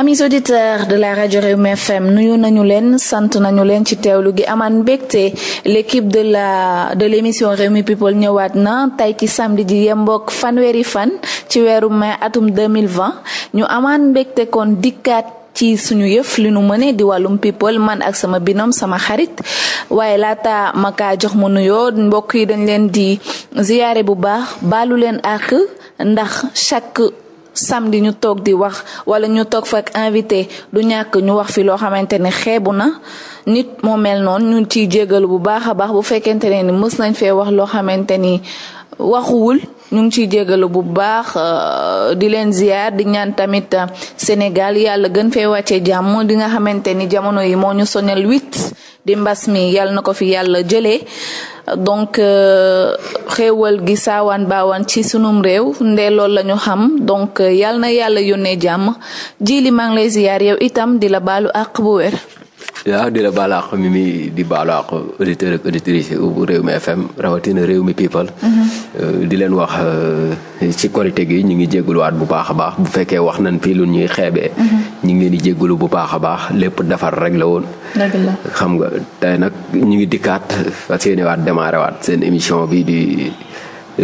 amis auditeurs de la rajo Rewmi FM nuyu nañu leen sant nañu leen ci teewlu gi amaan mbégte l'équipe de la de l'émission Rewmi pipol ñëwaat na tey ci samedi ji yemboog fanweeri fan ci weeru mai atum 2020 ñu amaan mbégte kon dikkaat ci suñu yëf li nu mëne di wàllum pipol man ak sama binom sama xarit waaye laata ma kaa jox ma nuyoo mbokk yi dañ leen di ziyaare bu baax baalu leen ak ndax chaque samedi ñu toog di wax wala ñu toog fa invité du ñàkk ñu wax fi loo xamante ni xeebu na nit moo mel noon ñu ciy jégalu bu baax a baax bu fekkente ne ni mës nañ fee wax loo xamante ni. waxuwul ñu ngi ciy jégalu bu baax euh, di leen ziar di ñaan tamit euh, Sénégal yàlla gën fee wàccee jàmm di nga xamante ni jamono yi moo ñu sonal huit di mbas mi yàlla na ko fi yàlla jëlee donc euh, xéewal gi saawaan baawaan ci sunum réew ndee loolu la ñu xam donc yàlla na yàlla yónnee jàmm ji li maa ngi lay ziar yow itam di la baalu àq bu wér. waaw di la baal àq mi mi di baalu auditeur auditeurs ak auditrices bu réew mi FM rawatina réew mi people. Mm-hmm. di leen wax euh, ci korite gi ñu ngi jégaluwaat bu baax a baax bu fekkee wax nañ fii lu ñuy xeebee. Mm-hmm. ñu ngi leen di jégalu bu baax a baax lépp defar rek la woon. xam nga tey nag ñu ngi dikkaat fas yéene waat démarré waat seen émission bii di.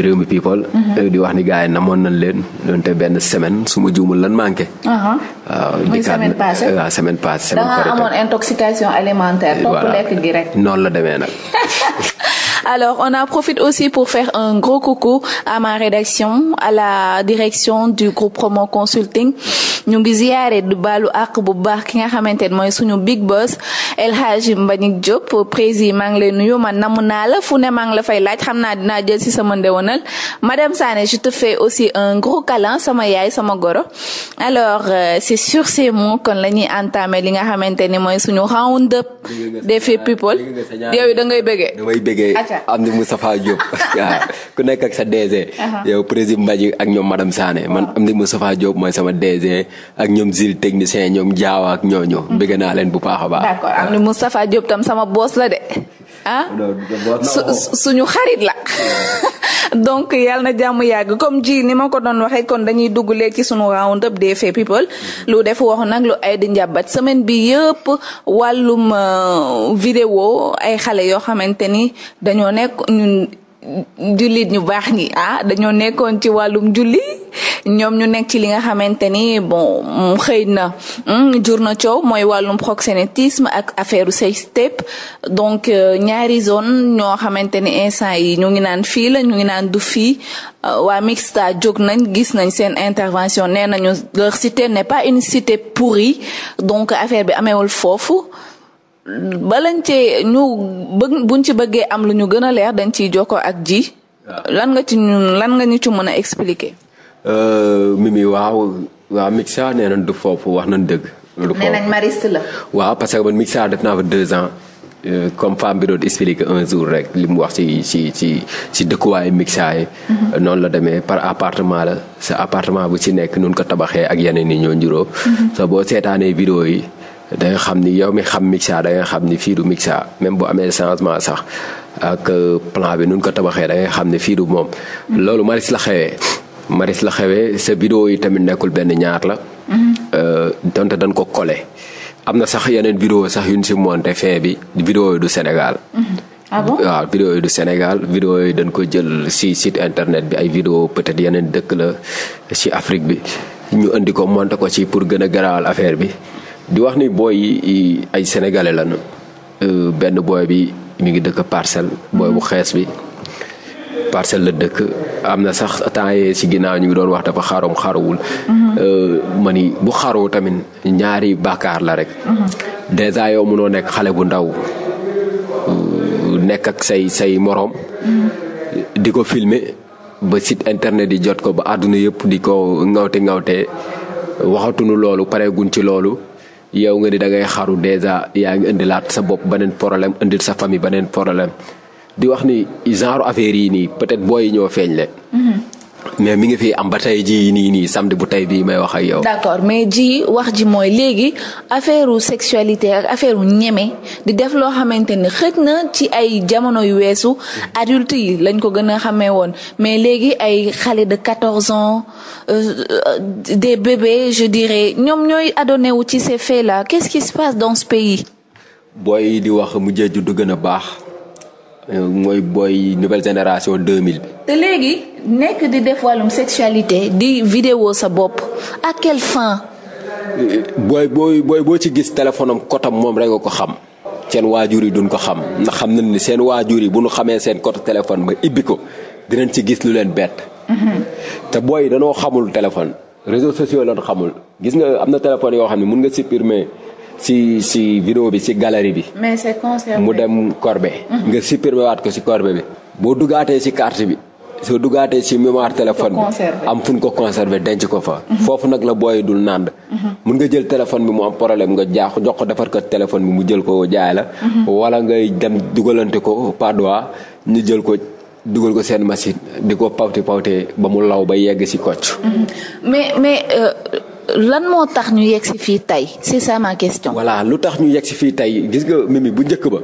réew mi people. Mhm. di wax ni gars yi namoon nañ leen donte benn semaine su ma juumul lan manqué. waaw di semaine passée semaine passée. semaine da nga amoon intoxication alimentaire. topp lekk gi rek la demee nag. alors on en profite aussi pour faire un gros coucou à ma rédaction à la direction du groupe Promo Consulting. ñu ngi ziyaare du baalu àq bu baax ki nga xamante ne mooy suñu big boss El Hadji Mbagnick Diop président maa ngi lay nuyu man namu naa la fu ne maa ngi la fay laaj xam naa dinaa jël si sama ndewanal madame Sané je te fais aussi un gros câlin sama yaay sama goro alors euh, c'est sur ces mots kon la ñuy entamer li nga xamante ne mooy suñu round up des faits people yow da ngay bëggee. damay bëggee am ni Moustapha Diop ku nekk ak sa DG. Uh-huh. yow président Mbagnick ak ñoom madame Sané man uh-huh. am ni Moustapha Diop mooy sama DG. ak ñoom zil technicien ñoom jaawa ak ñooñu. Mm-hmm. bëgg naa leen bu baax a baax. d'accord am na Moustapha Diop tam sama boos la de. ah suñu xarit la donc yàlla na jàmm yàgg comme ji ni ma ko doon waxee kon dañuy dugg léegi suñu round up des faits people mm-hmm. lu def wax nag lu ay di njàbbat semaine bi yëpp wàllum euh, vidéo ay xale yoo xamante ni dañoo nekk jullit ñu baax ñi ah dañoo nekkoon ci wàllum julli ñoom ñu nekk ci li nga xamante ni bon xëy na hmm, jur na coow mooy wàllum proxénétisme ak affaire sex tape donc euh, ñaari zone ñoo xamante ni instant yi ñu ngi naan fii la ñu ngi naan du fii euh, waa Mixta jóg nañ gis nañ seen intervention nee nañu leur cité n'est pas une cité pourrie donc affaire bi ameewul foofu balañ cee ñu bëgg buñ ci bëggee am lu ñu gën a leer dañ ci jokkoo ak ji. lan nga ci lan nga ñu ci mën a expliquer. Euh, Mimi waaw waaw Mixa nee nañ du foofu wax nañ dëgg. du foofu nee nañ mariste la. waaw parce que man Mixa def naa fa deux ans. Euh, comme femme bi doon expliquer un jour rek li mu wax ci ci ci ci dëkkuwaayu mixa yi. Mhm. noonu la demee par appartement la si appartement bu ci nekk nun ko tabaxee ak yeneen yi ñoo njuróo. Mhm. boo seetaanee vidéo yi da xam ni yow mi xam mixa da xam ni fii du mixa même bu amee changement sax ak euh, plan bi nu ko tabaxee da nga xam ne fii du moom. loolu maris la xewee maris la xewee sa vidéo yi tamit nekkul benn ñaar la. Mm-hmm. Euh, donte dañ ko collé. am na sax yeneen vidéo sax yu nu si monté fin bi vidéo yi du Sénégal. Mm-hmm. ah bon yi du Sénégal vidéo yi dañ ko jël si site internet bi ay vidéo peut-être yeneen dëkk la si Afrique bi ñu indi ko monté ko si pour gën a garaawal affaire bi. di wax ni booy yi ay sénégalais la na euh, benn booy bi mi ngi dëkk parcelle booy bu mhm. xees bi parcelle la dëkk am na sax temps yee si ginnaaw ñu ngi doon wax dafa xaroom xaruwul mhm. euh, ma mani bu xaroo tamit ñaari bàkkaar la rek mhm. dèjà yow mënoo nekk xale bu ndaw euh, nekk ak say say morom di ko filmer ba sit internet yi jot ko ba àdduna yëpp di ko ngawte ŋawte waxatuñu loolu pareeguñ ci loolu yow nga ni da ngay xaru dèjà yaa ngi indilaat sa bopp beneen problème indil sa famille beneen problème di wax ni genre affaire yii nii peut-être booy yi ñoo feeñ le mm-hmm. mais mi ngi fi am ba tey jii nii nii samedi bu tey bii may wax ak yow. d'accord mais ji wax ji mooy léegi affaire sexualité ak affaire ñeme di def loo xamante ni xëj na ci ay jamono yu weesu adulte yi lañ ko gën a xamee woon mais léegi ay xale de 14 ans euh, euh, des bébés je dirais ñoom ñooy adonné wu ci se faits là qu'est-ce qui se passe dans ce pays. booy di wax mujjee juddu gën a baax. Euh, mooy booy nouvelle génération 2000 bi. te léegi nekk di def wàllum sexualité di vidéo sa bopp à quelle fin. booy booy booy boo ci gis téléphone am kotam moom rek nga ko xam. seen waajur yi duñ ko xam ndax xam nañ ni seen waajur yi bu ñu xamee seen code téléphone ba ibbi ko dinañ ci gis lu leen bett. Mm-hmm. te booy danoo xamul téléphone. réseaux sociaux lañ xamul gis nga am na téléphone yoo xam ne mun nga supprimer. si si vidéo bi si galerie bi. mu dem corbe. Mhm. nga supprimer waat ko si corbe bi. boo dugaatee si carte bi. soo dugaatee si mémoire téléphone bi am fu ñu ko conserver denc ko fa. Mhm. foofu nag la booy dul nànd. Mhm. mun nga jël téléphone bi mu am problème nga jaax jox ko defar ko téléphone bi jël ko jaay la. wala ngay dem dugalante ko padoa ñu jël ko. dugal ko seen machine di ko pawte pawte ba mu law ba yegg si kocc mais mais euh, lan moo tax ñu yegg si fii tey c'est ça ma question. voilà lu tax ñu yegg si fii tey gis nga mimi bu njëkk ba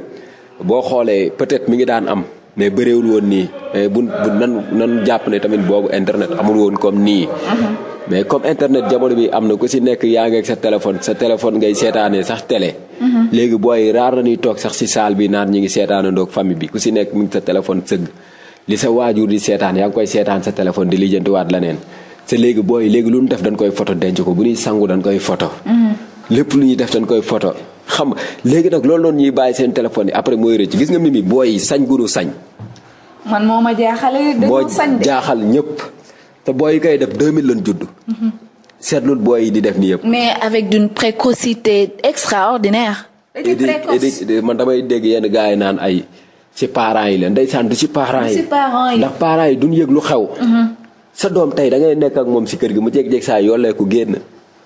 boo xoolee peut-être mi ngi daan am mais bëreewul woon nii mais bu nan nan jàpp ne tamit boobu internet amul woon comme nii. Mm-hmm. mais comme internet jamono bi am na ku si nekk yaa ngee sa téléphone sa téléphone ngay seetaanee sax tele mm-hmm. léegi booy raar na ñuy toog sax si saal bi naan ñu ngi seetaanandoo famille bi ku si nekk mu ngi sa téléphone sëgg li sa waajur di seetaan yaa ngi koy seetaan sa téléphone di lijjantiwaat leneen. te léegi booy léegi lu ñu def dañ koy photo denc ko bu ñuy sangu dañ koy photo mm-hmm. lépp lu ñuy def dañ koy photo xam léegi nag loolu noonu ñuy bàyyi seen téléphone yi après mooy rëcc gis nga mimi booy sañ guru sañ. man moo ma jaaxale dañoo jaaxal ñëpp te booy yi def 2000 lañ judd. Mm-hmm. seetlul booy di def nii yëpp. mais avec d'une précocité extraordinaire. et di man damay dégg yenn gars yi naan ay ci parent yi la ndeysaan du ci parent yi. ndax parents yi duñ yëg lu xew. Mm-hmm. sa doom tey dangay nekk ak moom si kër gi mu jékki-jékki saa yollee ko génn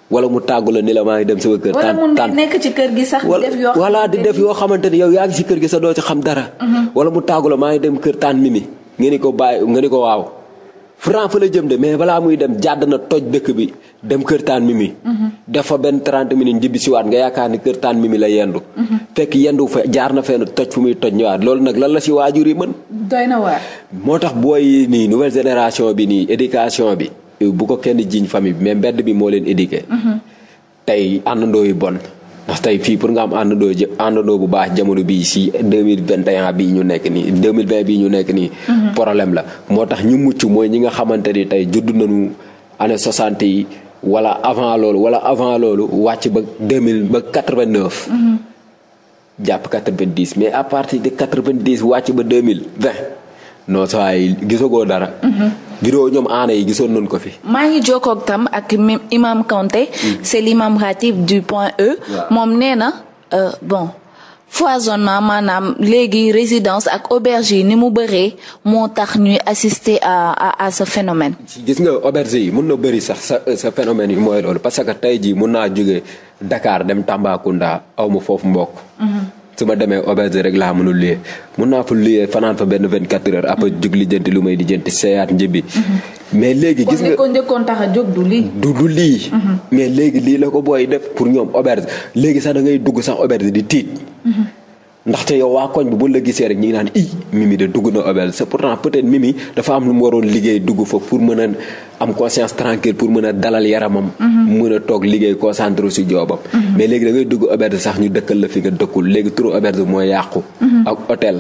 wala mu tàggu la ni la maa ngi dem sama kër. wala mu nekk ci kër gi sax. di def yoo xamante di def yoo xamante yow yaa ngi si kër gi sa doo ci xam dara. Mhm. wala mu tàggu la maa ngi dem kër taan mimi. nga ni ko bàyyi nga ni ko waaw Franc fa la jëm de mais balaa muy dem jàdd na toj dëkk bi dem kër taan mimi. Mhm. def fa benn 30 minutes njibbi siwaat nga yaakaar ni kër taan mimi la yendu. Mhm. fekk yendu fa jaar na fenn toj fu muy toj ñëwaat loolu nag lan la si waajur yi mën. na waar. moo tax booy yi nii nouvelle génération bi nii éducation bi. bu ko kenn jiiñ famille bi mais mbedd mi moo leen éduqué. Mhm. tey àndandoo yu bon. ndax tey fii pour nga am àndandoo jë bu baax jamono bii si 2021 bii ñu nekk nii 2020 bi ñu nekk nii. Mhm. problème la moo tax ñu mucc mooy ñi nga xamante ni tey juddu nañu année 60 yi wala avant loolu wala avant loolu wàcc ba 2000 ba 89. Mhm. jàpp 90 mais à partir de 90 wàcc ba 2020 non saa yi gisagoo dara. Mhm. ngiroo ñoom aana yi gisoon nañ ko fi. maa ngi jokkoog tam ak imam Kanté. Mm. c'est l'imam ratib du point E. moom nee na euh, bon. foisonnement maanaam léegi résidence ak auberge yi ni mu bëree moo tax ñuy assister à à à ce phénomène. gis nga auberge yi mun na bëri sax sa euh, sa phénomène yi mooy loolu parce que tey jii mun naa jóge Dakar dem Tambacounda aw ma foofu mbokk. Mm-hmm. su ma demee auberge rek laa mën a luyee mun naa fa luyee fanaan fa benn 24 heures après jug lijjanti lu may lijjanti seeyaat njëbi mhm. mais léegi gis nga kon tax a jóg du lii. du du lii. Mhm. mais léegi lii la ko booy def pour ñoom auberge léegi sax da ngay dugg sax auberge di tiit. Mhm. ndaxte yow waa koñ bi bu la gisee rek ñi ngi naan i Mimi de dugg na obel c'est pourtant peut-être Mimi dafa am lu mu waroon liggéey dugg fa pour mën a am conscience tranquille pour mën a dalal yaramam mhm. mën a toog liggéey concentré si joobam mhm. mais léegi da ngay dugg auberge sax ñu dëkkal la fi nga dëkkul léegi turu auberge mooy yàqu mhm. ak hôtel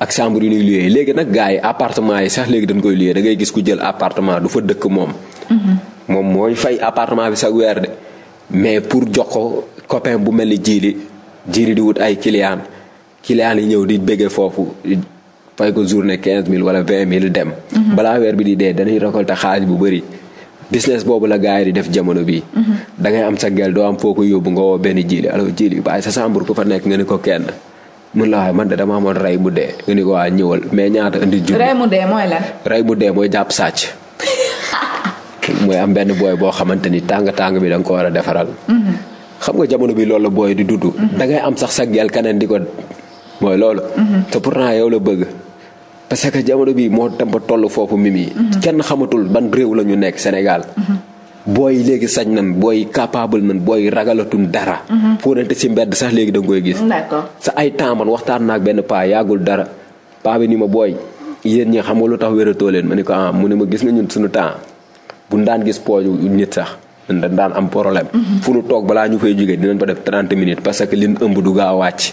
ak chambre yu ñuy luyee léegi nag gars yi appartement yi sax léegi dañ koy luyee da ngay gis ku jël appartement du fa dëkk moom moom mooy fay appartement bi sax weer de mais pour jox ko copain bu mel ni jiili jiili di wut ay client client yi ñëw di bëggee foofu fay ko journée quinze mille wala vingt mille dem. Mhm. balaa weer bi di dee danañ récolter xaalis bu bëri. business boobu la gars yi di def jamono bi mhm. da ngay am sa gel doo am foo benn jili alors jili bàyyi sa chambre fa nekk nga ni ko kenn. mun la waaye man de dama amoon rey bu dee nga ni ko waa mais ñaata indi. jur rey mu dee mooy bu dee mooy jàpp sàcc. mooy am benn booy boo xamante ni tàng tàng bi da ko war a defaral. Mhm. xam nga jamono bi loolu la booy di sax gel keneen di mooy loolu. Mhm. te pourtant yow la bëgg. parce que jamono bi moo dem ba toll foofu mimi. Mhm. kenn xamatul ban réew la ñu nekk Sénégal. Mhm. booy léegi sañ nan booy capable nan booy ragalatuñ dara. foo nante si mbedd sax léegi da nga koy gis. sa ay temps man waxtaan naag benn paa yàggul dara paa bi nii ma booy yéen ñi xam nga lu tax wératoo leen ma ni ko ah mu ne ma gis nga ñun suñu temps bu ñu daan gis pooju nit sax. dañ daan am problème. fu nu toog balaa ñu fay jógee dinañ fa def 30 minutes parce que liñ ëmb du gaaw wàcc.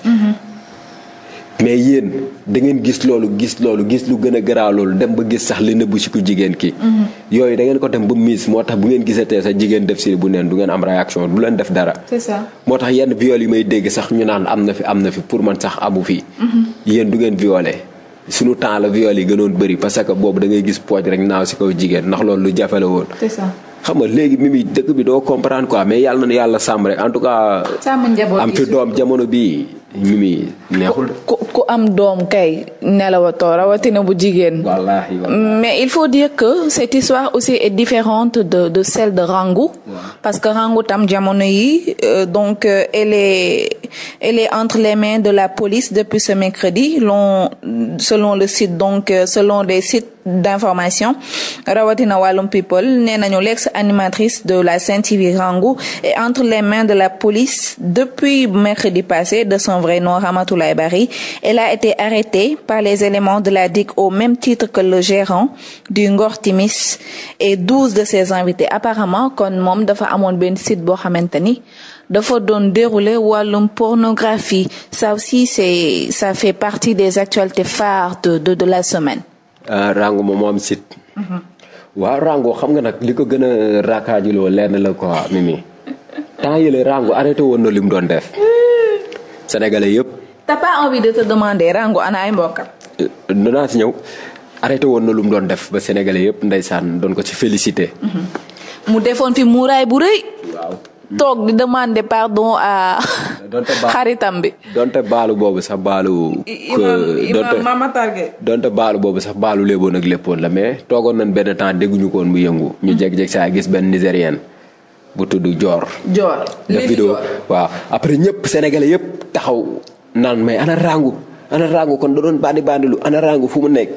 mais yéen da ngeen gis loolu gis loolu gis lu gën a garaaw loolu dem ba gis sax li nëbbu si ku jigéen ki mm-hmm. yooyu da ngeen ko dem ba miis moo tax bu ngeen gisatee sax jigéen def si bu neen du ngeen am réaction du leen def dara. c'est moo tax yenn viol yi may dégg sax ñu naan am na fi am na fi pour man sax amu fi. Mm-hmm. yéen du ngeen violé. suñu temps la viol yi gënoon bëri parce que boobu da ngay gis pooj rek naaw si kaw jigéen ndax loolu lu jafe la woon. c'est ça xam nga léegi mi mi dëkk bi doo comprendre quoi mais yàlla na yàlla sàmm rek en tout cas. am doom jamono bii ñu muy neexul de. ku ku am doom kay nelawatoo rawatina bu jigéen. wallaahi mais il faut dire que cette histoire aussi est différente de de celle de Rangou. parce que Rangou tam jamono yi euh, donc euh, elle est entre les mains de la police depuis ce mercredi l'on selon le site donc euh, selon des sites d'information rawatina wàllum people nee nañu l'ex animatrice de la Sen TV Rangou est entre les mains de la police depuis mercredi passé de son Nour Ramatoulaye Barry. Elle a été arrêtée par les éléments de la DIC au même titre que le gérant du Ngor Timis et 12 de ses invités. Apparemment kon moom dafa amoon benn site boo xamante ni dafa doon dérouler wàllum pornographie ça aussi c'est ça fait partie des actualités phares de de, la semaine. Euh, Rango moom moo am site. Mhm. waaw Rango xam nga nag li ko gën a raakaajuloo li doon def. sénégalais yëpp. t'as pas envie de te demander rango ana ay mbokkam. Euh, danaa si ñëw arrêté woon na lu mu doon def ba sénégalais yëpp ndeysaan doon ko ci félicité. Mm-hmm. mu defoon fi muuraay bu rëy. toog di demander pardon à. xaritam bi. donte baalu boobu sax baalu. donte Mama Targué donte baalu boobu sax baalu léeboon ak léppoon la mais toogoon na benn temps dégguñu ko woon mu yëngu. ñu jeg jeg a gis benn nigérienne. bu tudd Dior. Dior def vidéo waaw après ñëpp sénégalais yëpp taxaw naan mais ana rangu ana rangu kon da doon bandi bandilu ana rangu fu mu nekk.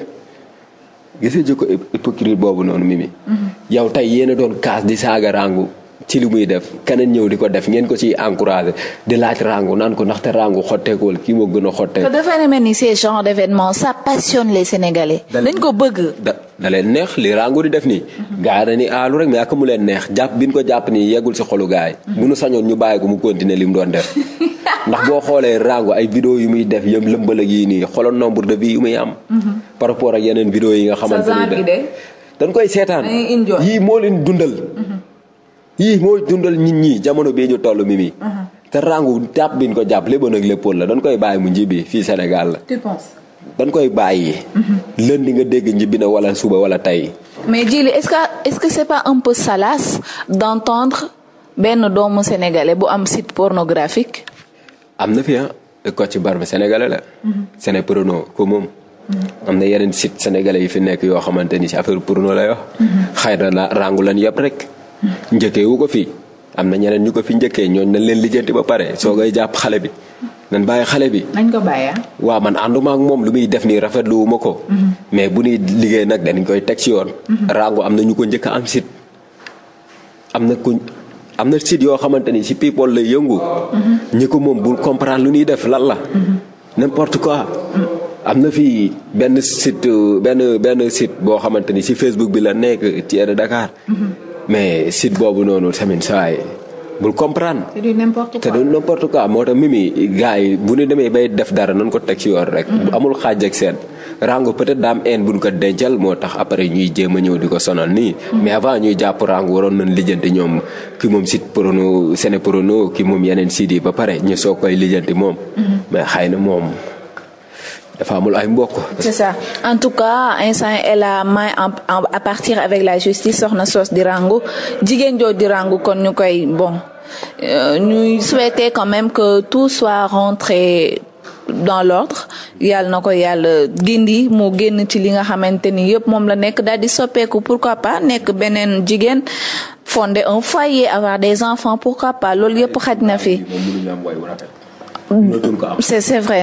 gisee jikko hypocrite boobu noonu Mimi. Mhm. yow tey yéen doon kaas di saaga rangu ci li muy def keneen ñëw di ko def ngeen ko ci encouragé di laaj rangu naan ko ndaxte rangu xotteekuwul kii moo gën a xottee. te dafay mel ni ces genres d'événements ça passionne les Sénégalais. ko bëgg. da leen neex li rangu di def nii. Mhm. gaa aalu rek mais ak leen neex jàpp bi ñu ko jàpp nii yeggul si xolu gaay mhm. nu sañoon ñu bàyyi ko mu continuer li mu def. ndax boo xoolee rango ay vidéo yu muy def yëm lëmbal ak yii nii nombre de vues yu muy am. Mhm. par rapport ak yi nga xamante ni dañ koy yii mooy dundal nit ñi jamono bii ñu toll mi mi te rangu jàpp biñ ko jàpp léboon ak léppoon la dañ koy bàyyi mu njibi fii Sénégal la tu penses dañ koy bàyyi mhm. lëndi nga dégg njibi wala suba wala tey mais Djily est-ce que est-ce que c'est pas un peu salace d'entendre benn doomu sénégalais bu am site pornographique am na fi ah Kocc Barma sénégalais la mhm. Séné Porno ko moom mhm. am na yeneen site sénégalais yi fi nekk yoo xamante ni ci affaire porno la yoo xëy na rangu lan yëpp rek njëkkee wu ko fii am na ñeneen ñu ko fi njëkkee ñooñ nañ leen lijjanti ba pare soo koy jàpp xale bi nan bàyyi xale bi. nañ ko bàyyi ah? waaw man ànduma ak moom lu muy def nii rafetlu wu ma ko. Mhm. mais bu nu liggéey nag dañ koy teg ci yoon. Mhm. rango am na ñu ko njëkk am site. am na ku na site yoo xamante ni si people lay yëngu. Mhm. ñi ko moom bul comprendre lu ñuy def lan la. n'importe quoi. am na fi benn site benn benn site boo xamante ni si Facebook bi la nekk ci Dakar. mais site boobu noonu tamit saa yi bul comprendre. te du n'importe quoi moo tax mimi gars yi bu ñu demee bay def dara nañ ko teg si yoon rek. Mm-hmm. amul xaaj ak seen. rango peut-être daam bu buñ ko dencal moo tax après ñuy jéem a ñëw di ko sonal nii. Mm-hmm. mais avant ñuy jàpp rango waroon nañ lijjanti ñoom ki moom site prono Sénéprono ki moom yeneen sites yi ba pare ñu soog koy lijjanti moom. Mm-hmm. mais xëy na moom. dafa amul ay mbokk. c'est en tout cas instant elle a main à partir avec la justice soxna Sos di rangu jigéen joo di rangu kon ñu koy bon euh, ñuy souhaiter quand même que tout soit rentré dans l'ordre yàlla na ko yàlla gindi mu génn ci li nga xamante ni yëpp moom la nekk daal di soppeeku pourquoi pas nekk beneen jigéen fonder un foyer avoir des enfants pourquoi pas loolu yëpp xaj na fi. c'est vrai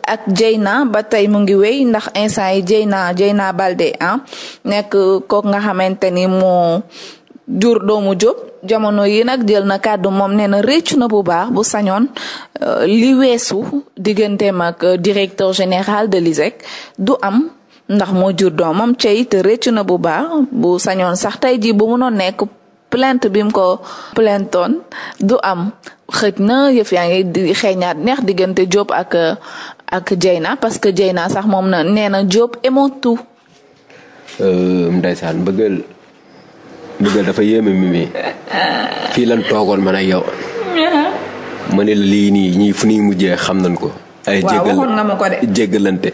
ak Dieyna ba tey mu ngi wéy ndax instant yi Dieyna Dieyna Baldé ah nekk kook nga xamante ni moo jur doomu Jóob jamono yi nag jël na kàddu moom nee na réccu na bu baax bu sañoon euh, li weesu digganteem ak euh, directeur général de l'ISEC du am ndax moo jur doomam ca it réccu na bu baax bu sañoon sax tey jii bu munoon nekk plainte bim ko plaintoon du am xëj na yëf yaa ngi xeeñaat neex diggante Diop ak euh, ak Dieyna parce que Dieyna sax moom na nee na Diop aimons tout. Euh, ndeysaan bëggal bëggal dafa yéeme Mimi fii lan toogoon man yow. ma ne lii nii ñii fu ñuy mujjee xam nañ ko. ay jégal jégalante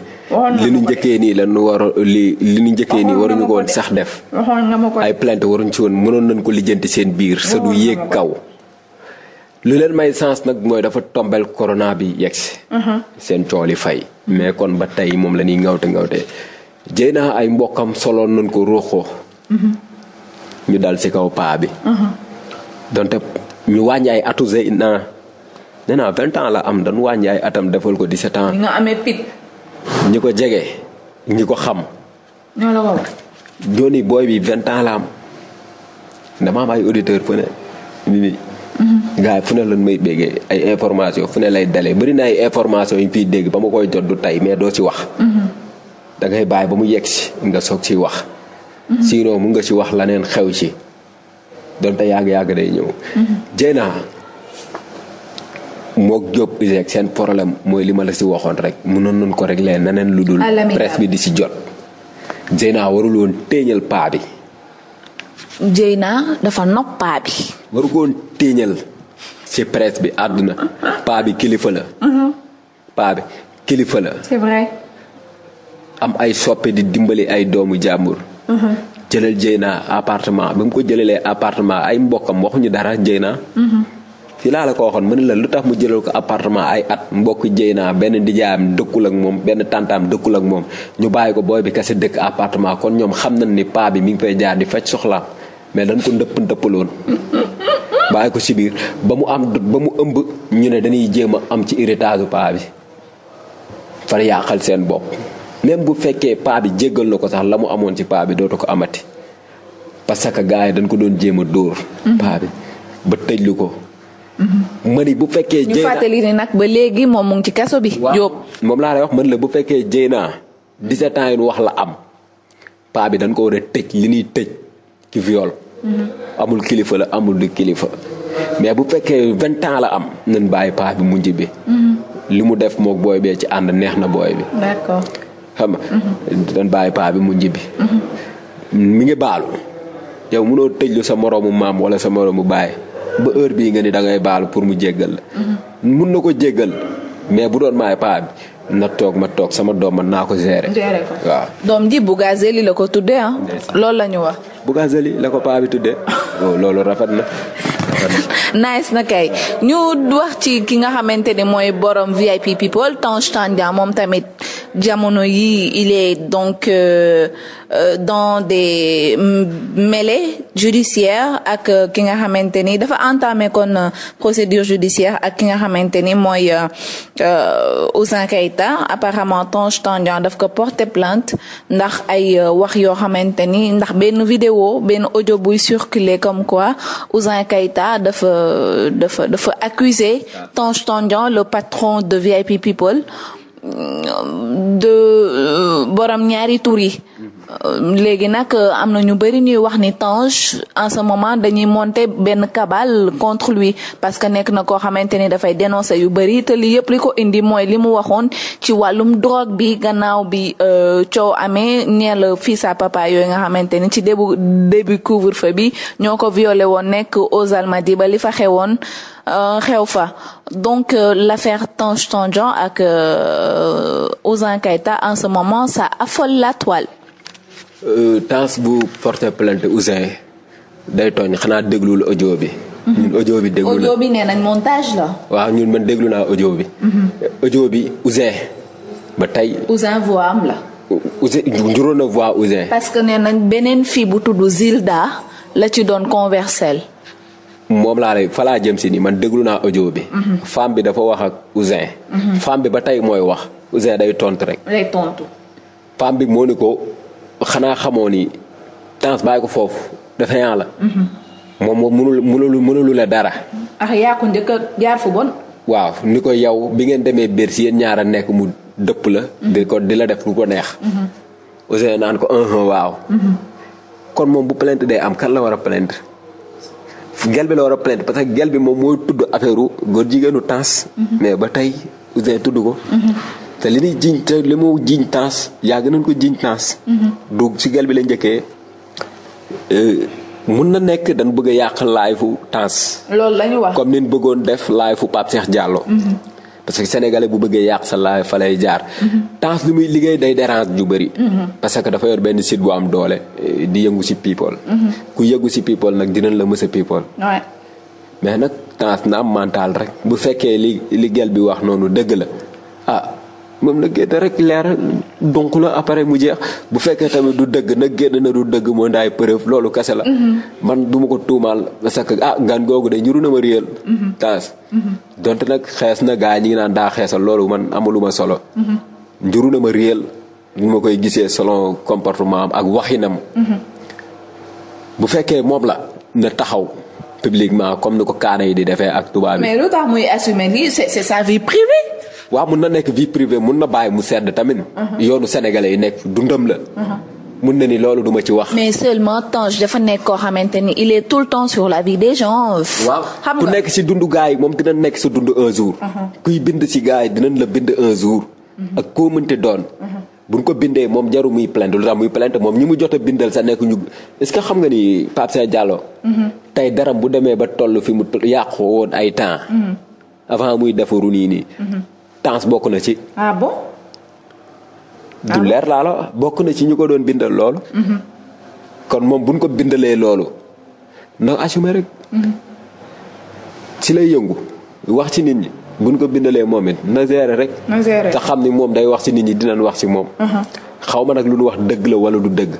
li ñu njëkkee nii lan war li li ñu njëkkee nii waruñu ko woon sax def. ay plainte waruñ ci woon mënoon nañ ko lijjanti seen biir sa du yéeg kaw. lu leen may sens nag mooy dafa tombel korona bi yegsi uh-huh. seen cool yi fay mais kon ba tey moom la ñuy ngawte ngawte jéy naa ay mbokkam soloon nañ ko ruuxoo uh-huh. ñu dal si kaw paa bi uh-huh. donte ñu wàññi ay atu Zeyna naa nee naa vingt ans la am dañu wàññi ay atam defal ko dix-sept ans nga amee pit ñi ko jege ñi ko xam ñoo la waral booy bi vingt ans la am dama am ay auditeur fu ne Mm-hmm. gars fu ne la may béggee ay information fu ne lay dalee bëri na ay information yi fiy dégg ba ma koy jot du tey mais doo ci wax mm-hmm. da ngay bàyyi ba mu yegg ci nga soog ciy wax mm-hmm. sinon mu nga ci wax leneen xew ci donte yàgg-yàgg day ñëw jéynaa mook Diop rek seen problème mooy li ma la si waxoon rek mënoon nañ ko rek régler neneen lu dul presse di si jot Jeyna naa woon téeñal paa bi Jeyna dafa nopp paa tiiñal ci presse bi àdduna paa bi kilifa la. Mhm. paa bi kilifa la. am ay soppe di dimbali ay doomu jàmbur. Mhm. jëlal jëy naa appartement bi mu ko jëlalee appartement ay mbokkam waxuñu dara jëy naa. fii mhm. laa la ko lu tax mu jëlal ko appartement ay at mbokk jëy naa benn ndijaayam dëkkul ak moom benn tàntaam dëkkul ak moom ñu bàyyi ko booy bi kese dëkk appartement kon ñoom xam na ni paa bi mi ngi fay jaar di faj soxlaam mais dañ ko ndëpp ndëppaloon. bàyyi ko si biir ba mu am ba mu ëmb ñu ne dañuy jéem a am ci héritage paa bi far yàqal seen bopp même bu fekkee paa bi jéggal na ko sax la mu amoon ci paa bi dootu ko amati parce que gars yi dañ ko doon jéem a dóor. paa ko. Mm-hmm. ma bu fekkee. jëy naa ñu fàttali ne nag ba léegi moom mu ci kaso bi. Jóob moom laa wax man la bu fekkee jëy naa 17 wax la am paa bi dañ ko war a tëj li ñuy tëj ci viol. Mm-hmm. amul kilifa la amul di kilifa mais bu fekkee vingt la am nañ bàyyi paax bi mujj bi mm-hmm. li mu def moog booy bee ci ànd neex na booy bi d'accord xam nga mm-hmm. dañ bàyyi paax bi mujj bi mi ngi baalu yow mënoo tëjlu sa moroomu maam wala sa moroomu baay ba heure bii nga ni da ngay baalu pour mu jéggal la mun na ko jéggal mais bu doon maay paa na toog ma toog sama doom man naa ko gérer. gérer ko waaw. doom ji Bougazelli la ko tuddee ah. loolu la ñu wax. Bougazelli la ko paa bi tuddee loolu rafet na. naas na kay ñu wax ci ki nga xamante ne mooy borom VIP people Tange Tandian moom tamit jamono yi il est donc euh, euh dans des mm, mêlées judiciaires ak euh, ki nga xamante ni dafa entamé kon euh, procédure judiciaire ak ki nga xamante ni mooy Ouzin Keita apparemment Tange Tandian daf ko porté plante ndax ay wax yoo xamante ni ndax benn vidéo benn audio buy circuler comme quoi Ouzin Keita état dafa dafa dafa accuser Tange Tandian le patron de VIP People euh, de euh, borom ñaari tur yi léegi nag euh, am na ñu bëri ñuy wax ni Tange en ce moment dañuy monter benn cabale contre lui parce que nekk na koo xamante ni dafay dénoncer yu bëri te li yëpp li ko indi mooy li mu waxoon ci wàllum drogue bi gannaaw bi euh, coow amee ñeel fii sa papa yi nga xamante ni ci débu début couvre-feu bi ñoo ko viole woon nekk aux Almadies ba li fa xewoon euh, xew fa donc l'affaire Tange Tandian ak Ouzin Keita en ce moment ça affole la Euh, Tange bu porté plainte Ouzin day tooñ xanaa déglul audio bi. Mhm. ñun bi déglu bi nee nañ montage la. waaw ñun man déglu naa audio bi. Mhm. audio bi Ouzin ba tey. Ouzin voix am la. Ouzin njuróo na parce que nee nañ beneen fii bu tudd Zilda la ci doon conversel. moom laa lay fa laa man déglu naa audio bi. Mhm. bi dafa wax ak Ouzin. bi ba tey mooy wax Ouzin day tontu rek. day bi moo xanaa xamoo ni temps bàyyi ko foofu dafa la. Mm-hmm. moom moom mënul mënul mënulu la dara. ah yaa ko njëkk a jaar fu bon. waaw ni ko yow bi ngeen demee biir si yéen ñaar a nekk mu dëpp la. Mm-hmm. di ko di la def lu ko neex. Mm-hmm. Ousseynou naan ko un waaw. kon moom bu plainte day am kan la war a plainte. gel bi la war a plainte parce que gel bi moom mooy tudd affaire góor jigéenu temps. mais ba tey Ousseynou tudd ko. te li ñuy jiñ te li mu jiñ tans yaa gënoon ko jiñ tans. Mhm. du ci gel bi la njëkkee euh, mun na nekk dañ bëgg a yàq live fu tans. loolu la ñu wax bëggoon def live fu Pape Cheikh Diallo. Mhm. parce que sénégalais bu bëggee yàq sa live fa lay jaar. Mhm. tans li muy liggéey day dérange ju bëri. parce que dafa yor benn site bu am doole euh, di yëngu si people. ku yëgu si people nag dinañ la mës a people. mais nag tans na am mental rek bu fekkee li li bi wax noonu dëgg la ah, moom na génn rek leeral donc la après mu jeex bu fekkee tamit du dëgg na génn na du dëgg moo ndaay preuve loolu kese la. Mhm. man du ma ko tuumaal parce que ah ngan googu de ñuru na ma réel. Mhm. taas mhm. donte xees na gaa ñi ngi naan daa xeesal loolu man amaluma solo. njuru na ma réel ñu ma koy gisee selon comportement am ak waxinam. bu fekkee moom la na taxaw. publiquement comme ni ko kaana yi di defee ak tubaab mais lu tax muy assumer lii c'est sa vie privée. waaw mun na nekk vie privée mun na bàyyi mu sedd tamit. Mhm. yoonu sénégalais yi nekk dundam la. Mhm. mun na ni loolu duma ci wax. mais seulement Tange dafa nekk koo xamante ni il tout le temps sur la vie des gens. waaw ku nekk si dundu nekk sa dund un si gars yi dinañ la bind un jour. Mhm. ak koo mënti doon. buñ ko bindee moom jaru muy plainte moom ñi mu jot a bindal sa nekk ñu est-ce que xam nga ni Pape Saint Diallo. tey daram bu demee ba toll fi mu yàqu woon ay temps. avant muy defaru nii nii. distance bokk na ci. ah bon. du ah leer laa bokk na ci ñu ko doon bindal loolu. Mhm. kon moom bu ko bindalee loolu na assumé rek. Mhm. ci lay yëngu wax ci nit ñi bu ñu ko bindalee moom it na rek. na xam ni moom day wax ci nit ñi dinañ wax ci moom. Mhm. xaw ma nag lu ñu wax dëgg la wala du dëgg.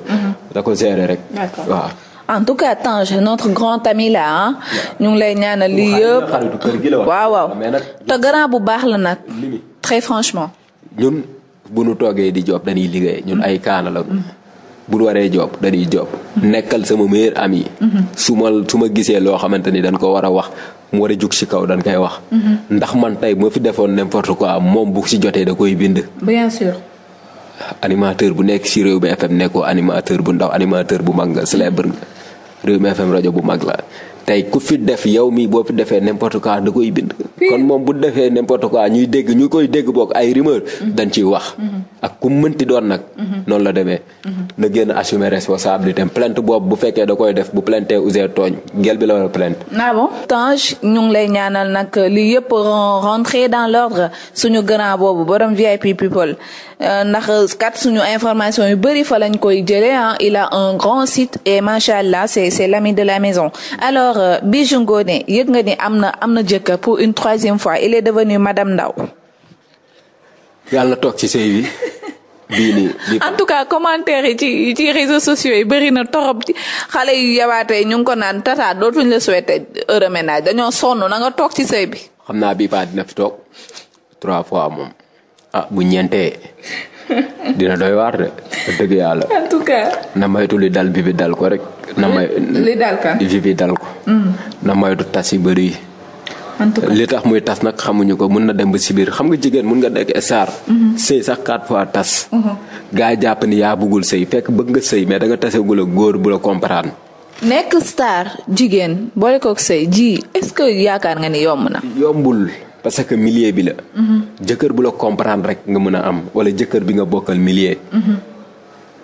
da ko rek. d'accord en tout cas Tange notre grand ami la ah. ñu ngi lay ñaanal lii yëpp waaw waaw te bu baax la nag. très franchement. ñun bu nu toogee di job dañuy liggéey ñun ay kaana la. Mm-hmm. bu nu waree job dañuy job. Mm-hmm. nekkal sama meilleur ami. Mm-hmm. su ma su ma gisee loo xamante ni dañ ko war a wax. mu war a jug ci kaw dañ kay wax. ndax man tey moo fi defoon n'importe quoi moom bu si jotee da koy bind. bien sûr. animateur bu nekk ci Rewmi FM nekkoo animateur bu ndaw animateur bu mag nga célèbre nga. Rewmi FM rajo bu mag la tey ku fi def yow mi boo fi defee n'importe quoi da koy bind. kon moom bu defee n'importe quoi ñuy dégg ñu koy dégg boog ay rumeur. Mhm. dañ ciy wax. Mhm. ak ku doon nag. Mhm. noonu la demee. na génn assumer responsabilité am plainte boobu bu fekkee da koy def bu plainte Ouzin tooñ gel bi la war a plainte. Ah bon Tange ñu lay ñaanal nag li yëpp rentrer dans l'ordre suñu grand boobu borom VIP people. Euh, ndax kat suñu information yu bëri fa lañ koy jëlee ah il a un grand site et macha allah c'est c'est de la maison alors euh, Bijou Ngoné yëg nga ni am na am na jëkkër pour une troisième fois il est devenu madame Ndao. yàlla toog ci sëy bi. bii en tout cas commentaire yi ci ci réseaux sociaux yi bëri na torop xale yu yabaatee ñu ngi ko naan tata dootuñ la souhaité heureux dañoo sonn na nga toog ci sëy bi. xam naa bii baa fi toog trois fois moom. ah bu ñeentee dina doy waar de dëgg yàlla. en tout cas. na maytu li dal bi bi dal ko rek. na may li dal ka bi bi dal ko. Mm. na maytu tas bëri li tax muy tas nag xamuñu ko mun na dem ba si biir xam nga jigéen mun nga nekk star. Mm-hmm. sëy sax quatre fois tas. Mm-hmm. gaa yi jàpp ni yaa bëggul sëy fekk bëgg nga sëy mais da nga tasegul ak góor bu la comprendre. nekk star jigéen boole kook sëy ji est yaakaar nga ni yomb na. yombul. parce que milieu bi la. jëkkër bu la comprendre rek nga mën a am wala jëkkër bi nga bokkal millier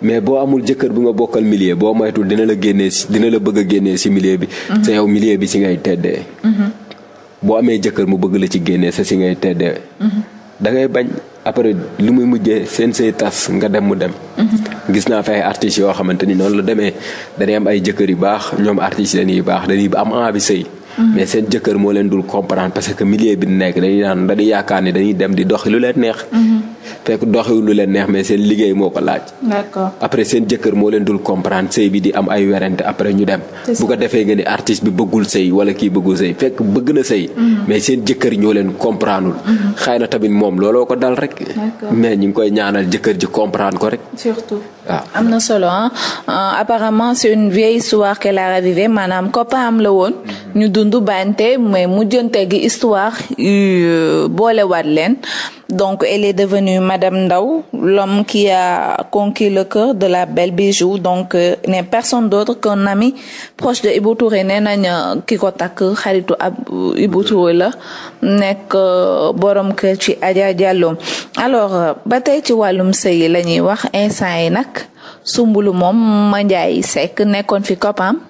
mais boo amul jëkkër bu nga bokkal millier boo moytul dina la génnee dina la bëgg a génnee si milieu bi. te yow milieu bi si ngay teddee. boo amee jëkkër mu bëgg la ci génnee sa si ngay teddee. da ngay bañ après lu muy mujje seen say tas nga dem mu dem. gis naa fi ay artistes yoo xamante ni noonu la demee dañuy am ay jëkkër yu baax ñoom artistes yi dañuy baax dañuy am envie sëy mais seen jëkkër moo leen dul comprendre parce que milieu bi nekk dañuy naan yaakaar ni dañuy dem di doxi lu leen neex fekk doxewu lu leen neex mais seen liggéey moo ko laaj. d'accord après seen jëkkër moo leen dul comprendre sëy bi di am ay werante après ñu dem. bu ko defee nga ni artiste bi bëggul sëy wala kii bëggul sëy fekk bëgg na sëy. Mhm. mais seen jëkkër ñoo leen comprendre mhm. xëy na tamit moom looloo ko dal rek. mais ñu koy ñaanal jëkkër ji comprendre ko rek. am na solo euh, apparemment c'est une vieille histoire qu'elle a ravivée maanaam copain la woon. Mhm. ñu dund bàyyante mais mujjante gi Madame Ndaw, l'homme qui a conquis le cœur de la belle bijou donc euh, ne personne d'autre ko nami proche de Ibou nee nañ ki ko takk xaritu ab Ibou la nekk euh, borom kër ci aja Diallo alors euh, ba tey ci wàllum sëy la ñuy wax instant yi nag sumbulu moom Mandiaye sek nekkoon fi koppam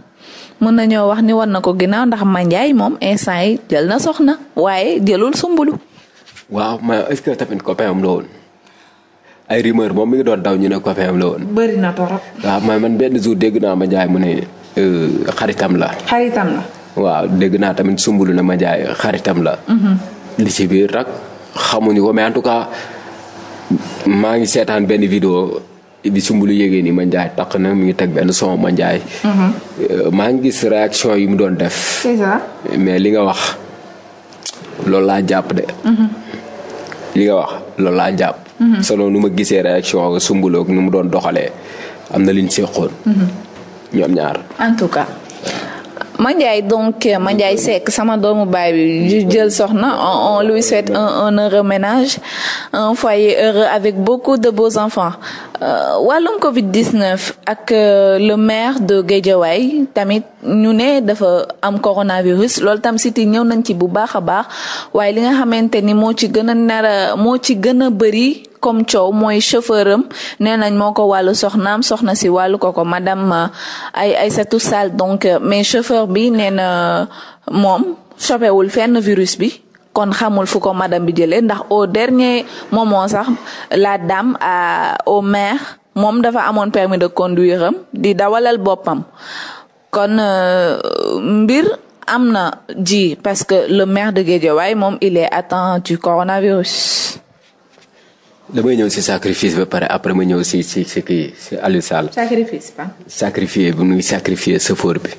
mën nañoo wax ni war na ko ginnaaw ndax Mandiaye moom instant yi jël na soxna waaye jëlul sumbulu. waaw ma est-ce que tamit copain am la ay rumeur moom mi ngi doon daw ñu ne copain la woon. bëri na torop. waaw man man benn jour dégg naa ma jaay mu ne euh, xaritam la. xaritam waaw dégg naa tamit sumbulu na ma jaay xaritam la. Mhm. li ci biir nag xamuñu ko mais en tout cas maa ngi seetaan benn vidéo bi sumbulu yégee ni ma njaay takk na mi ngi teg benn son ma njaay. Mhm. Euh, maa ngi gis réaction yi mu doon def. mais li nga wax loolu laa jàpp de. Mhm. li nga wax loolu laa jàpp. Mm-hmm. selon nu ma gisee réaction sumbuloo ak nu mu doon doxalee am na lu ñu seqoon. Mm-hmm. ñoom ñaar en tout cas. Mandiaye donc Mandiaye Seck sama doomu baay bi jël soxna on lui un un heureux ménage un foyer heureux avec beaucoup de beaux enfants euh, wàllum Covid 19 ak euh, le maire de Guédiawaye tamit ñu ne dafa am coronavirus loolu tam siti ñëw nañ ci bu baax a baax waaye li nga xamante ni moo ci gën a a moo ci gën a bëri. comme coow mooy chauffeur am nee nañ moo ko wàllu soxnaam soxna si wàllu ko ko madam euh, ay Aïssatou Sall donc euh, mais chauffeur bi nee na euh, moom sopewul fenn virus bi kon xamul fu ko madame bi jëlee ndax au dernier moment sax la dame à au maire moom dafa amoon permis de conduire am di dawalal boppam kon mbir am na ji parce que le maire de Guédiawaye moom il est atteint du coronavirus damay ñëw si sacrifice ba pare après ma ñëw si si si kii si Aliou Sall. sacrifice ba. sacrifier bu muy sacrifier chauffeur bi.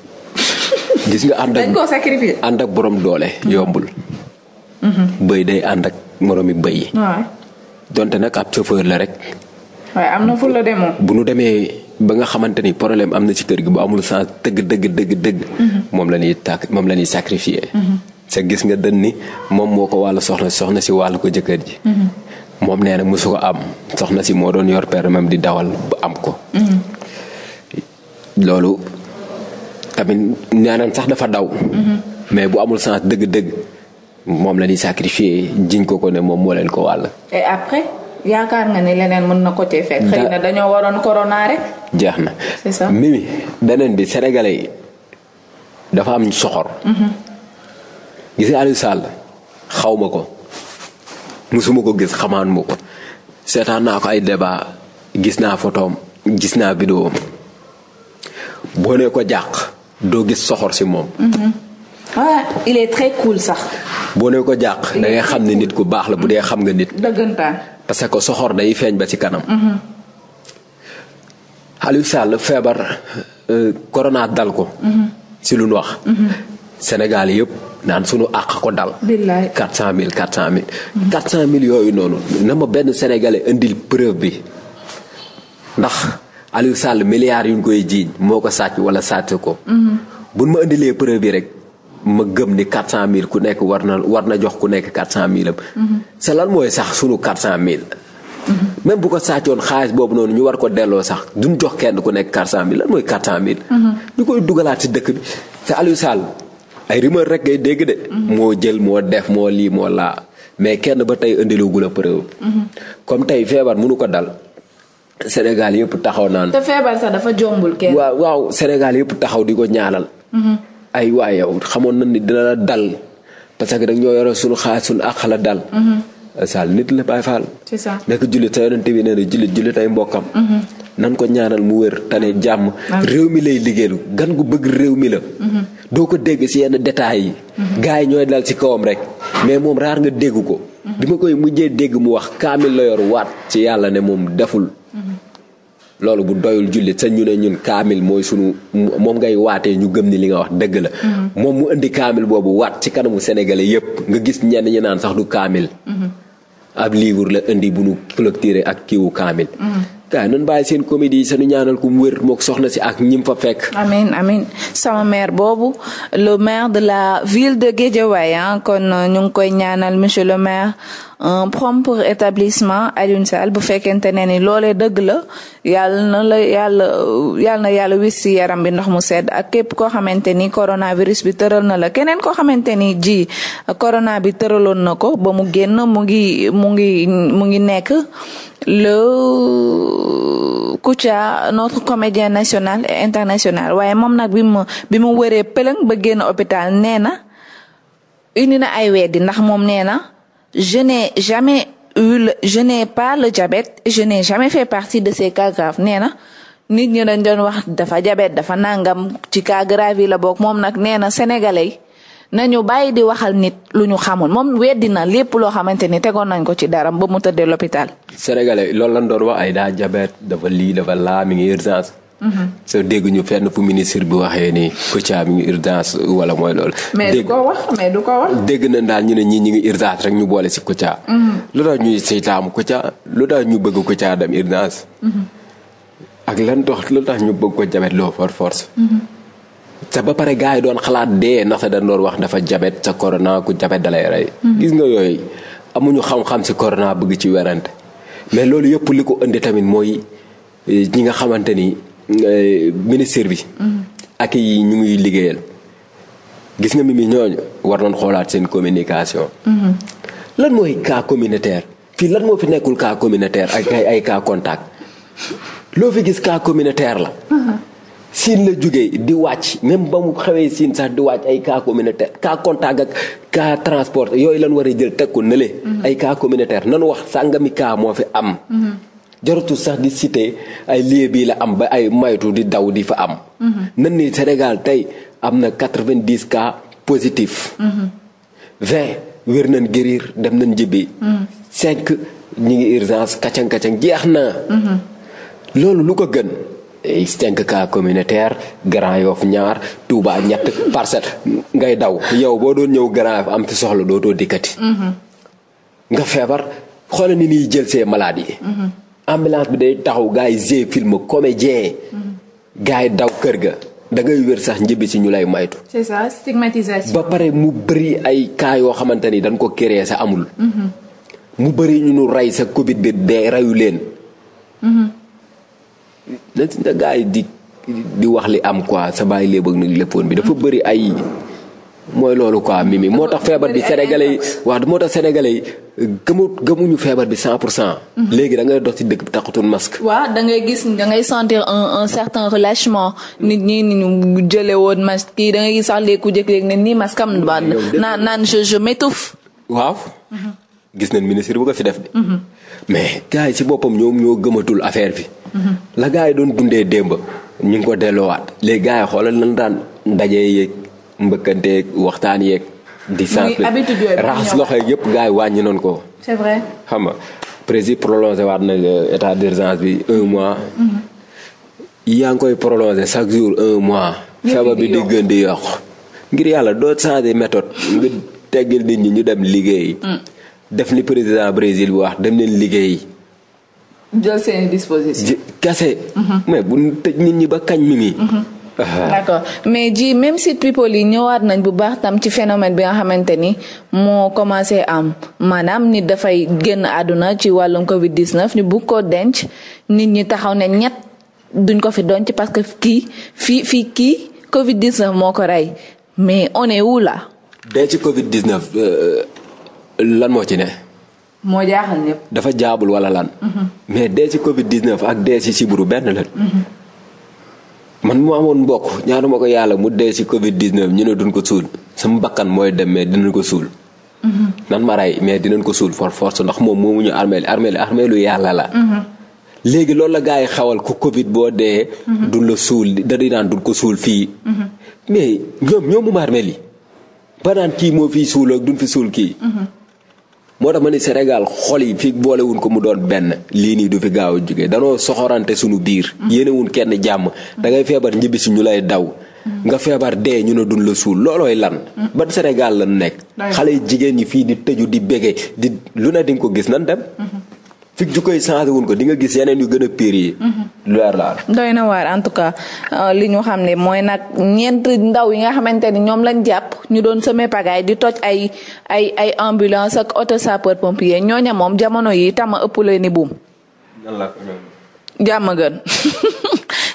gis nga ànd ak dañ ak borom doole yombul. Mm-hmm. bëy day ànd ak moromi bëy yi. donte nag ab chauffeur la rek. waaye am bu nu demee ba nga xamante ni problème am na ci kër gi bu amul sens dëgg dëgg dëgg dëgg. Mm-hmm. moom la ñuy tàkk moom la ñuy sacrifier. Mm-hmm. sa gis nga dën ni moom moo ko wàll soxna soxna si wàll ko jëkkër ji. moom nee na mosu ko am soxna si moo doon yor permam di dawal ba am ko. loolu tamit ñaanam sax dafa daw. mais bu amul sens dëgg-dëgg moom la ñuy sacrifier jiñ ko ko ne moom moo ko wàll. et yaakaar nga ne leneen mën na ko cee fekk. dañoo waroon corona jeex na c'est ça mimi bi sénégalais dafa am soxor. Mhm. gis nga Aliou ko. musuma ko gis xamaan ma ko seetaan naa ko ay débat gis naa photoom gis naa vidéo boo ne ko jàq doo gis soxor si moom. Mhm. sax. boo ne ko jàq dangay xam ne nit ku baax la bu dee xam nga nit. dëggantaan parce soxoor day feeñ ba ci kanam. Mhm. Aliou Sall feebar euh, corona dal ko. Mhm. si lu nu wax. Sénégal yëpp. naan sunu àq ko dal. billaay 400000 400000. 400000 yooyu noonu na ma benn sénégalais indil preuve bi ndax Aliou Sall milliards yu ñu koy jiiñ moo ko sàcc wala sàcc ko. Mm-hmm. buñ ma indilee preuve bi rek. ma gëm ni 400000 ku nekk war na war na jox ku nekk 400000 am. Mm-hmm. sa lan mooy sax sunu 400000. Mm-hmm. même bu ko sàccoon xaalis boobu noonu ñu war ko delloo sax duñ jox kenn ku nekk 400000 lan mooy 400000. ñu koy dugalaat ci dëkk bi te Aliou Sall ay rumeur rek ngay dégg de. moo jël moo def moo lii moo laa mais kenn ba tey indiloogul a preuve. comme tey feebar mënu ko dal. Sénégal yëpp taxaw naan. te feebar sax dafa jombul kenn. waaw waaw Sénégal yëpp taxaw di ko ñaanal. ay waa yow xamoon na ni dina la dal parce que dañ ñoo yore suñu xaar suñu àq la dal. Mhm. saal nit la Baay Faal. c'est ça nekk jullit sa yonent bi nee na jullit jullit ay mbokkam. nan ko ñaanal mu wér tane jàmm ah. réew mi lay liggéeyalu gan gu bëgg réew mi la mhm. doo ko dégg si yenn détails yi mhm. gars yi ñooy dal ci kawam rek mais moom raar nga dégg ko mhm. bi ma koy mujjee dégg mu wax kaamil la waat ci yàlla ne moom deful loolu bu doyul jullit sa ñu ne ñun kaamil mooy sunu moom ngay waatee ñu gëm ni li nga wax dëgg la moom mu indi kaamil boobu waat ci kanamu sénégalais yépp nga gis ñenn ñi naan sax du kaamil ab livre la indi bu nu clôturer ak kiiwu kaamil gaay nañ bàyyi seen comédie yi sanu ñaanal ko mu mook soxna si ak ñim fa fekk. amiin amiin sama maire boobu le maire de la ville de Guédiawaye ah, kon euh, ñu koy ñaanal monsieur le maire un propre établissement Alioune Sall bu fekkente ne ni loolee dëgg la yàlla na la yàlla yàlla na yàlla wis si yaram bi ndox mu sedd ak képp koo xamante ni coronavirus bi tëral na la keneen koo xamante ni ji corona bi tëraloon na ko ba mu génn mu ngi mu ngi mu ngi nekk. le Kouthia notre comédien national et international waaye moom nag bi mu bi mu wëree pëlëng ba génn hôpital nee na indi na ay weddi ndax moom nee na je n'ai jamais eu le je n'ai pas le diabète je n'ai jamais fait partie de ces cas graves nee na nit ñi dañ wax dafa diabète dafa nangam ci cas grave yi la bokk moom nag nee na sénégalais nañu bàyyi di waxal nit lu ñu xamul moom weddi na lépp loo xamante ni tegoon nañ ko ci dara ba mu tëddee l'hôpital. Sénégalais loolu la doon wax ay daa jabet dafa lii dafa laa mi ngi urgence. Mhm. soo dégg ñu fenn fu ministre bi waxee ni Kouthia mi urgence wala mooy loolu. mais du ko wax mais du ko wax. dégg daal ñu ne ñii ñi urgence rek ñu boole si Kouthia. Mhm. lu tax ñuy seytaamu Kouthia lu tax ñu bëgg Kouthia dem urgence. Mhm. ak lan dox lu tax ñu bëgg ko jabet loo for force. te ba pare gaa yi doon xalaat dee ndaxte dañ doon wax dafa jabet sa corona ku jabet dalay rey. Mhm. gis nga yooyu amuñu xam-xam si corona bëgg ci werante mais loolu yëpp li ko indi tamit mooy eh, ñi nga xamante ni eh, ministère bi. Mhm. ak yi ñu ngi liggéeyal. gis nga mimi ñooñu war nañ xoolaat seen communication. Mhm. lan mooy cas communautaire fii lan moo fi nekkul kaa communautaire ak ay ay contact loo fi gis kaa communautaire la. siin la jógee di wàcc même ba mu xewee siin sax di wàcc ay cas communautaire cas contact ak cas transport yooyu lan war a jël teg ko nële. Mhm. ay cas communautaire nanu wax sàngami cas moo fi am. Mhm. jarutul sax di cité ay lieu la am ba ay maytu di daw di fa am. nan mhm. ni Sénégal tey am na quatre-vingt-dix cas positifs. vingt wér nañ guérir dem nañ jibi cinq ñi ngi urgence kacang kacang jeex na. loolu lu ko gën. cinq cas communautaire Grand Yoff ñaar Touba ñett Parcelles ngay daw yow boo doon ñëw Grand Yoff am fi soxla dootoo dikkati. Mhm. nga feebar xoolal ni ñuy jël see malade yi. Mhm. ambulance bi day taxaw gars yi jé film comédien. Mhm. gars yi daw kër ga. dangay ngay wér sax njëbbi si ñu lay maytu. c'est ba pare mu bëri ay cas yoo ni dañ ko créé sa amul. mu bëri ñu nu rey sa Covid bi dee reyu leen. la si na gars yi di di wax li am quoi sa bàyyi léeb ak nag bi dafa bëri ay mooy loolu quoi mimi moo tax feebar bi sénégalais yi waaw moo tax sénégalais yi gëmu gëmuñu feebar bi cent pour cent léegi da ngay dox ci dëkk bi taxutoon masque waaw da ngay gis da ngay sentir un un certain relâchement nit ñi ni ñu jële woon masque kii da ngay gis sax léegi ku jëkk léegi ne nii masque am naan naan je je m'étouffe waaw mm-hmm. gis nañ ministre bu ko fi def de. Mhm. mais gars si ci boppam ñoom ñoo gëmatul affaire bi. Mhm. la gars yi doon dundee démb ñu ngi ko delloowaat. les gars yi xoolal nañ daan ndaje yeeg mbëkkante yeeg waxtaan yeeg. di sànq raxas loxo yeeg yëpp gars yi wàññi noonu ko. c'est vrai xam waat na euh, état d'urgence bi un mois. Mhm. yaa ngi koy prolongé chaque jour un mois. feebar bi di gën di yokk ngir yàlla doo changer méthode nga teggil nit ñi ñu dem liggéey. Mm. def ni président Brésil bu wax dem leen liggéey. jël seen disposition. Mhm. bu tëj nit ñi ba kañ mi mi. Mhm. Ah. d'accord mais ji même site people yi ñëwaat nañ bu baax tam ci phénomène bi nga xamante ni moo commencé am maanaam ni dafay génn àdduna ci wàllum Covid 19 ñu bugg ko denc nit ñi taxaw ne ñet duñ ko fi donc parce que kii fii fii kii Covid 19 moo ko rey mais on est où là. denc Covid 19. lan moo ci ne. moo jaaxal ñëpp. dafa jaabul wala lan. Mhm. mais dee ci Covid 19 ak dee ci siburu benn la. Mhm. man mu amoon mbokk ñaanu ma ko yàlla mu dee ci Covid 19 ñu ne duñ ko suul sama bakkan mooy dem mais dinañ ko suul. Mhm. nan ma rey mais dinañ ko suul for force ndax moom moomu ñu armeel armeel armeelu yàlla la. léegi loolu la gars yi xawal ku Covid boo dee. duñ la suul da di naan duñ ko suul fii. mais ñoom ñoom mu armeel yi. ba naan kii moo fi suul ak duñ fi suul kii. moo tax ma ni Sénégal xol yi fii boolewuñ ko mu doon benn lii nii du fi gaaw a jógee danoo soxorante suñu biir. Mm-hmm. yéenewuñ kenn jàmm. da ngay feebar ñibbi si ñu lay daw. Mm-hmm. nga feebar dee ñu ne duñ la suul loolooy lan. Mm-hmm. ban Sénégal lan nekk. xale yi jigéen ñi fii di tëju di bége di lu ne di nga ko gis nan dem. fii ju koy changé wuñ ko di nga gis yeneen yu gën a pire yi. Mhm. lu na waar en tout cas euh, li ñu xam ne mooy nag ñeent ndaw yi nga xamante ni ñoom lañ jàpp ñu doon semé pagaay di toj ay ay ay ambulance ak auto sapeur pompier ñooña moom jamono yi tama ëpp leen ni buum. jàmm gën.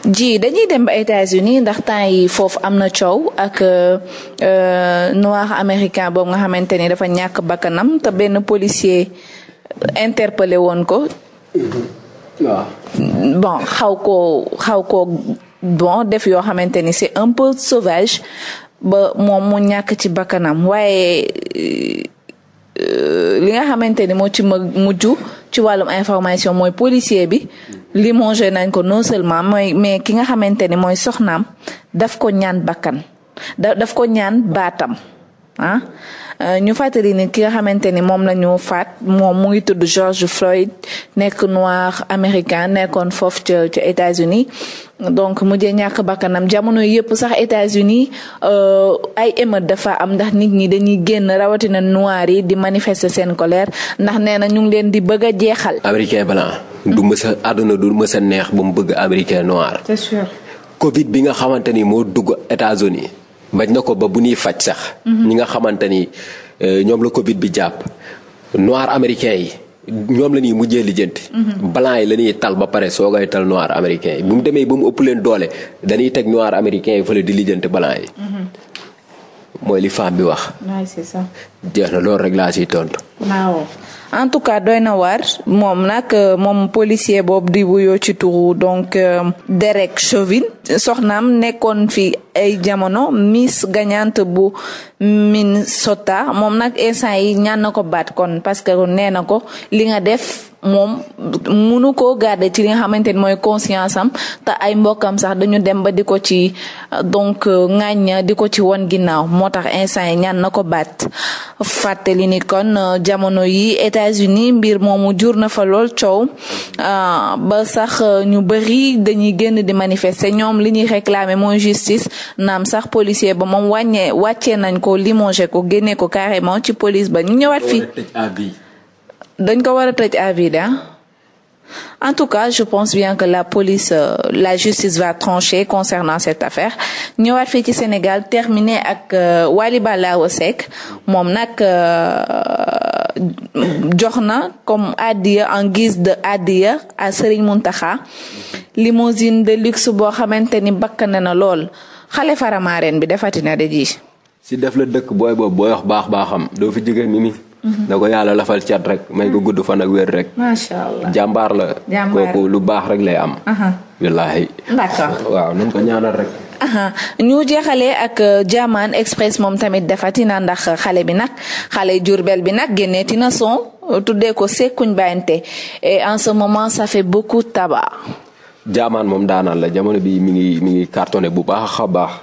ji dañuy dem ba États-Unis ndax temps yi foofu am na coow ak euh, euh, noir américain boobu nga xamante ni dafa ñàkk bakkanam te benn policier. interpellé woon ko. waaw. bon xaw ko xaw koo bon def yoo xamante ni c'est un peu sauvage ba moom mu ñàkk ci bakkanam waaye euh, li nga xamante ni moo ci mujj ci wàllum information mooy policier bi limogé nañ ko non seulement mooy mais ki nga xamante ni mooy soxnaam daf ko ñaan bakkan daf ko ñaan baatam. ah euh, ñu fàttali ni ki nga xamante ni moom la ñu faat moom mu ngi tudd George Floyd nekk noir américain nekkoon foofu ca ca États-Unis donc mujjee ñàkk bakkanam jamono yëpp sax États-Unis euh, ay émeute dafa am ndax nit ñi dañuy génn rawatina noir yi di manifester seen colère ndax nee na ñu ngi leen di bëgg a jeexal. américain blanc. du mës a àdduna du mës neex ba mu bëgg américain noir. c'est Covid bi nga xamante ni moo dugg États-Unis bañ na ko ba bu ñuy faj sax. Mhm. ñi nga xamante ni euh, ñoom la Covid bi jàpp noir américain yi. ñoom la ñuy mujjee lijjanti. Mhm. blanc yi la ñuy tal ba pare soo koy tal noir américain yi bu mu demee ba mu ëpp leen doole dañuy teg noir américain yi fële di lijjanti blanc yi. Mhm. mooy li femme bi wax. waaw c'est ça. jeex na tontu. en tout cas doy na waar moom nag euh, moom policier boobu di wuyoo ci turu donc euh, Derek Chauvin soxnaam nekkoon fi ay jamono Miss gagnante bu sota moom nag instant yi ñaan na ko baat kon parce que nee na ko li nga def moom munu koo garder ci li nga xamante ni mooy conscience am te ay mbokkam sax dañu dem ba di ko ci donc euh, ŋàñña di ko ci won ginnaaw moo tax instant yi ñaan na ko baat fàttali ni kon jamono yi état États-Unis mbir moomu jur na fa lool coow ah, ba sax euh, ñu bëri dañuy génn di manifester ñoom li ñuy réclamer mooy justice naam sax policier ba moom wàññee wàccee nañ ko limogé ko génnee ko carrément ci police ba ñu ñëwaat fii dañ ko war tëj à vie En tout cas, je pense bien que la police, euh, la justice va trancher concernant cette affaire ñëwaat fii ci Sénégal terminé ak euh, Waly Ballago Seck moom nag euh, jox na comme addiya en guise de addiya à Serigne Mountakha limousine de luxe boo xamante ni bakk na na lool xale faramaareen bi defati na de ji. si def la dëkk booy boobu booy wax baax baaxam doo fi jóge Mimi. Mm-hmm. na ko yàlla lafal cat rek may ko mm-hmm. gudd fan ak wér rek. macha allah jàmbaar la. jàmbaar kooku lu baax rek lay am. wallaahi. d'accord waaw nañ ko ñaanal rek. ñu jeexalee ak Jahman euh, Express moom tamit defati na ndax xale bi nag xale Jurbel bi nag génneeti na son tuddee ko sekkuñ bàyyante et en ce moment ça fait beaucoup tabac. Jahman moom daanaan la jamono bi mi ngi mi ngi bu baax a baax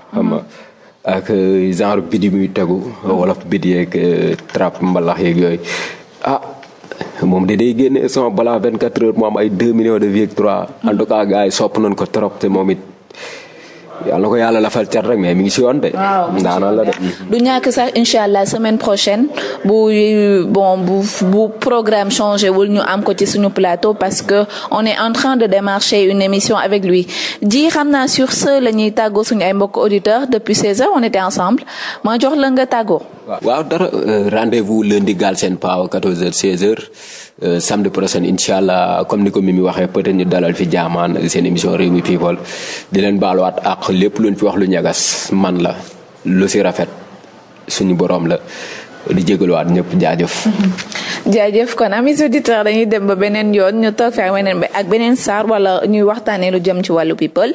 ak euh, genre bidi muy tegu wala bidi yeeg euh, trap mbalax yeeg yooyu ah moom de day génne bala balaa 24 heures mu am ay 2 millions de vues 3 en tout cas gars yi sopp nañ ko trop te moom it yàlla na ko yàlla lafal cat rek mais mi ngi si yoon de. ndaanaan la de. sax incha allah semaine prochaine bu bu bu programme changé wul ñu am ko ci suñu plateau parce que on est en train de démarcher une émission avec lui ji xam naa sur ce la ñuy tàggoo suñu ay mbokk auditeurs depuis 16 heures on était ensemble ma jox la nga tàggoo. waaw dara euh, rendez vous lundi Galsen Power 14h 16h. Euh, samedi prochain incha allah comme ni ko mi Mimi waxee peut-être ñu dalal fi jaamaan seen émission Rewmi People di leen waat ak lépp luñ fi wax lu ñagas man la lu si rafet suñu borom la di jégaluwaat ñëpp jaajëf. jaajëf kon amis auditeurs dañuy dem ba beneen yoon ñu toog fi ak beneen ak beneen saar wala ñuy waxtaanee lu jëm ci wàllu people.